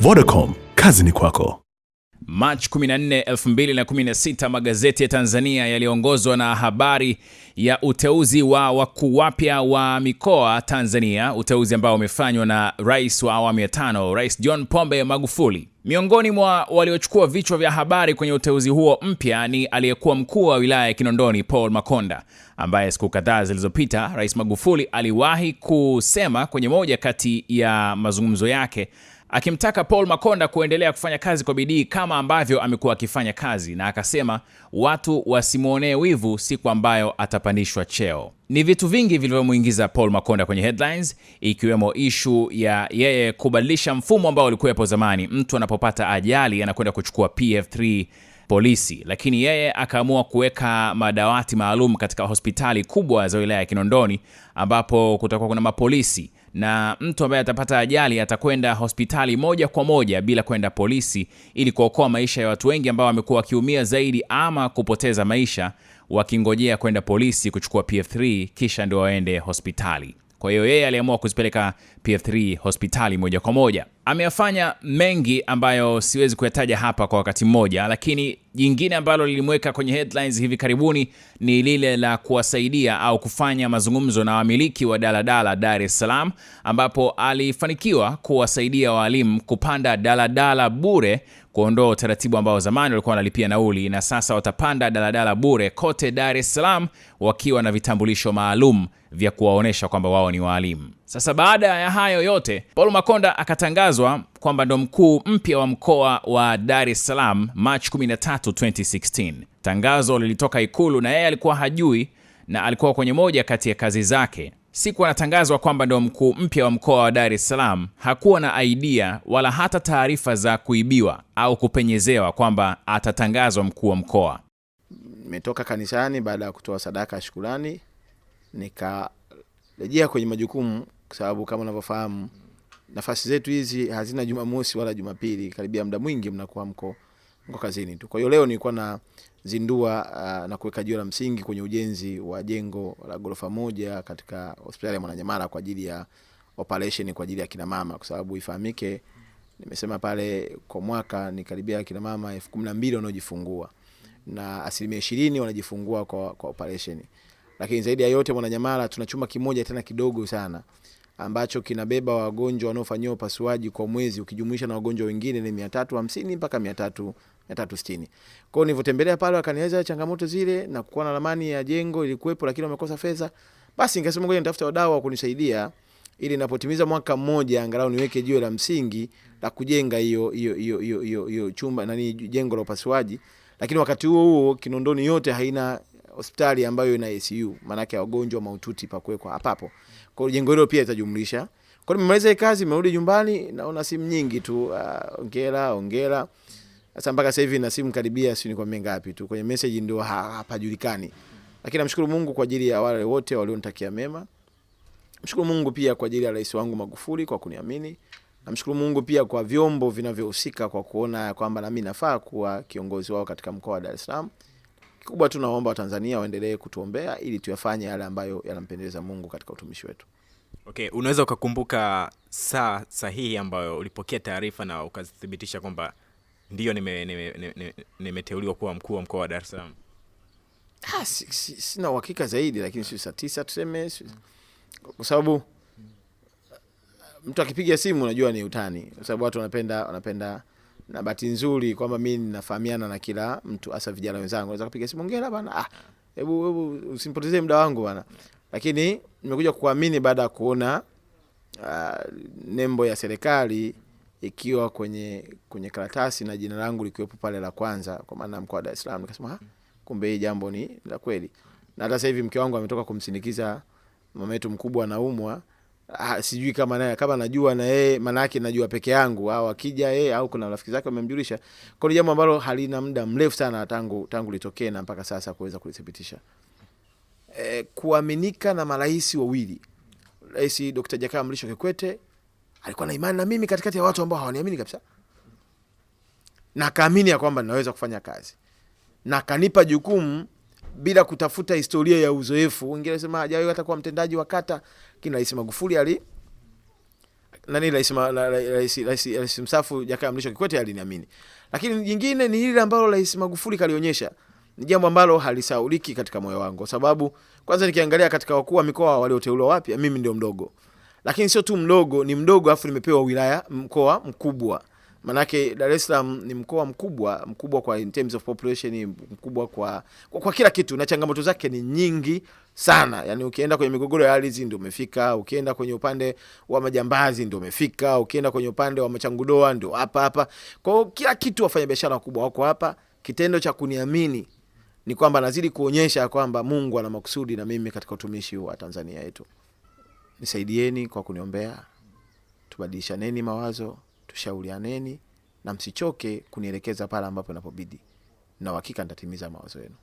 Vodacom, kazi ni kwako. Machi 14, 2016 magazeti ya Tanzania yaliongozwa na habari ya uteuzi wa wakuu wapya wa mikoa Tanzania, uteuzi ambao umefanywa na rais wa awamu ya tano, Rais John Pombe Magufuli. Miongoni mwa waliochukua vichwa vya habari kwenye uteuzi huo mpya ni aliyekuwa mkuu wa wilaya ya Kinondoni Paul Makonda, ambaye siku kadhaa zilizopita Rais Magufuli aliwahi kusema kwenye moja kati ya mazungumzo yake akimtaka Paul Makonda kuendelea kufanya kazi kwa bidii kama ambavyo amekuwa akifanya kazi, na akasema watu wasimwonee wivu siku ambayo atapandishwa cheo. Ni vitu vingi vilivyomwingiza Paul Makonda kwenye headlines, ikiwemo ishu ya yeye kubadilisha mfumo ambao ulikuwepo zamani. Mtu anapopata ajali anakwenda kuchukua PF3 polisi, lakini yeye akaamua kuweka madawati maalum katika hospitali kubwa za wilaya ya Kinondoni ambapo kutakuwa kuna mapolisi na mtu ambaye atapata ajali atakwenda hospitali moja kwa moja bila kwenda polisi, ili kuokoa maisha ya watu wengi ambao wamekuwa wakiumia zaidi ama kupoteza maisha wakingojea kwenda polisi kuchukua PF3 kisha ndio waende hospitali. Kwa hiyo yeye aliamua kuzipeleka PF3 hospitali moja kwa moja ameyafanya mengi ambayo siwezi kuyataja hapa kwa wakati mmoja, lakini jingine ambalo lilimweka kwenye headlines hivi karibuni ni lile la kuwasaidia au kufanya mazungumzo na wamiliki wa daladala Dar es Salaam, ambapo alifanikiwa kuwasaidia waalimu kupanda daladala bure, kuondoa utaratibu ambao zamani walikuwa wanalipia nauli, na sasa watapanda daladala bure kote Dar es Salaam wakiwa na vitambulisho maalum vya kuwaonyesha kwamba wao ni waalimu. Sasa baada ya hayo yote, Paul Makonda akatangazwa kwamba ndo mkuu mpya wa mkoa wa Dar es Salaam March 13, 2016. Tangazo lilitoka Ikulu na yeye alikuwa hajui na alikuwa kwenye moja kati ya kazi zake. Siku anatangazwa kwamba ndo mkuu mpya wa mkoa wa Dar es Salaam, hakuwa na aidia wala hata taarifa za kuibiwa au kupenyezewa kwamba atatangazwa mkuu wa mkoa. Nimetoka kanisani baada ya kutoa sadaka ya shukurani, nikarejea kwenye majukumu kwa sababu kama unavyofahamu nafasi zetu hizi hazina Jumamosi wala Jumapili, karibia muda mwingi mnakuwa mko mko kazini tu. Kwa hiyo leo nilikuwa na zindua uh, na kuweka jiwe la msingi kwenye ujenzi wa jengo la ghorofa moja katika hospitali ya mwananyamara kwa ajili ya operation kwa ajili ya kina mama, kwa sababu ifahamike, nimesema pale kwa mwaka ni karibia kina mama elfu kumi na mbili wanaojifungua na asilimia ishirini wanajifungua kwa, kwa operation. Lakini zaidi ya yote mwananyamara tuna chuma kimoja tena kidogo sana ambacho kinabeba wagonjwa wanaofanyiwa upasuaji kwa mwezi ukijumuisha na wagonjwa wengine ni mia tatu hamsini mpaka mia tatu mia tatu sitini kwao. Nilivyotembelea pale, wakanieleza changamoto zile na kukuwa na ramani ya jengo ilikuwepo, lakini wamekosa fedha. Basi nikasema ngoja nitafuta wadau wa kunisaidia ili napotimiza mwaka mmoja angalau niweke jiwe la msingi la kujenga hiyo hiyo hiyo hiyo hiyo chumba nani jengo la upasuaji, lakini wakati huo huo Kinondoni yote haina hospitali ambayo ina ICU, maanake wagonjwa mahututi pakuwekwa hapapo. Kwa hiyo jengo hilo pia itajumlisha. Kwa hiyo nimemaliza kazi, nimerudi nyumbani, naona simu nyingi tu, ah, ongera uh, ongera Sasa mpaka sasa hivi na simu karibia, si nikwambie ngapi tu, kwenye message ndio hapajulikani, lakini namshukuru Mungu kwa ajili ya wale wote walionitakia mema. Mshukuru Mungu pia kwa ajili ya rais wangu Magufuli kwa kuniamini. Namshukuru Mungu pia kwa vyombo vinavyohusika kwa kuona kwamba na mimi nafaa kuwa kiongozi wao katika mkoa wa Dar es Salaam. Kikubwa tu naomba Watanzania waendelee kutuombea ili tuyafanye yale ambayo yanampendeza Mungu katika utumishi wetu. Okay, unaweza ukakumbuka saa sahihi ambayo ulipokea taarifa na ukathibitisha kwamba ndiyo nimeteuliwa nime, nime, nime, kuwa mkuu wa mkoa wa Dar Salaam? Ah, si, si, sina uhakika zaidi, lakini siu saa tisa tuseme, kwa sababu uh, mtu akipiga simu unajua ni utani, kwa sababu watu wanapenda wanapenda na bahati nzuri kwamba mi nafahamiana na kila mtu, hasa vijana wenzangu, naweza kupiga simu, hongera bana, ah, hebu hebu usimpotezee muda wangu bana. Lakini nimekuja kuamini baada ya kuona uh, nembo ya serikali ikiwa kwenye kwenye karatasi na jina langu likiwepo pale la kwanza, kwa maana mkoa wa Dar Salaam, nikasema ah, kumbe hii jambo ni la kweli. Na hata sasa hivi mke wangu ametoka kumsindikiza mama yetu mkubwa anaumwa ah, sijui kama naye kama najua na yeye, maana yake najua peke yangu, au akija yeye au kuna rafiki zake wamemjulisha. Kwa hiyo jambo ambalo halina muda mrefu sana tangu tangu litokee na mpaka sasa kuweza kulithibitisha. E, kuaminika na marais wawili, Rais Dr. jakaa Mrisho Kikwete alikuwa na imani na mimi katikati ya watu ambao hawaniamini kabisa, na kaamini ya kwamba ninaweza kufanya kazi na kanipa jukumu bila kutafuta historia ya uzoefu. Wengine wanasema hajawahi hata kuwa mtendaji wa kata, lakini Rais Magufuli ali nani, rais rais rais rais msafu Jakaya Mrisho Kikwete aliniamini. Lakini jingine ni hili ambalo Rais Magufuli kalionyesha, ni jambo ambalo halisauliki katika moyo wangu, kwa sababu kwanza nikiangalia katika wakuu wa mikoa walioteuliwa wapya, mimi ndio mdogo, lakini sio tu mdogo, ni mdogo afu nimepewa wilaya mkoa mkubwa Manake Dar es Salaam ni mkoa mkubwa mkubwa kwa in terms of population, mkubwa kwa, kwa, kwa kila kitu na changamoto zake ni nyingi sana. Yani ukienda kwenye migogoro ya ardhi ndio umefika, ukienda kwenye upande wa majambazi ndio umefika, ukienda kwenye upande wa machangudoa ndio hapa hapa. Kwa hiyo kila kitu, wafanyabiashara wakubwa wako hapa. Kitendo cha kuniamini ni kwamba nazidi kuonyesha kwamba Mungu ana makusudi na mimi katika utumishi wa Tanzania yetu. Nisaidieni kwa kuniombea, tubadilishaneni mawazo tushaulianeni na msichoke kunielekeza pale ambapo inapobidi, na hakika nitatimiza mawazo yenu.